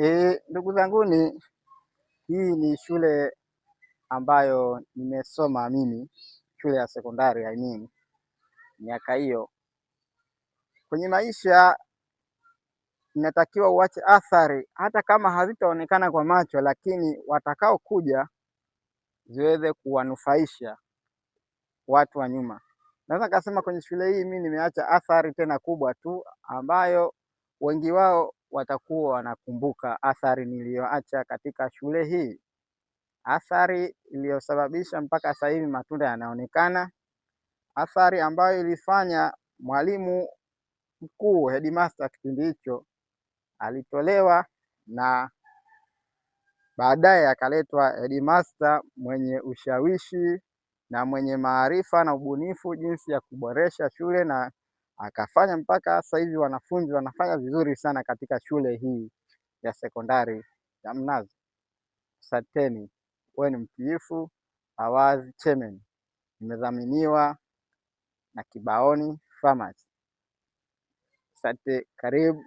Eh, ndugu zanguni, hii ni shule ambayo nimesoma mimi, shule ya sekondari I mean, miaka hiyo. Kwenye maisha inatakiwa uache athari, hata kama hazitaonekana kwa macho, lakini watakaokuja ziweze kuwanufaisha watu wa nyuma. Naweza kasema kwenye shule hii mimi nimeacha athari tena kubwa tu ambayo wengi wao watakuwa wanakumbuka athari niliyoacha katika shule hii, athari iliyosababisha mpaka sasa hivi matunda yanaonekana, athari ambayo ilifanya mwalimu mkuu headmaster kipindi hicho alitolewa na baadaye akaletwa headmaster mwenye ushawishi na mwenye maarifa na ubunifu jinsi ya kuboresha shule na akafanya mpaka sasa hivi wanafunzi wanafanya vizuri sana katika shule hii ya sekondari ya Mnazi. Asanteni, wewe ni mtiifu awazi Chairman, nimedhaminiwa na Kibaoni Farmers. Asante, karibu.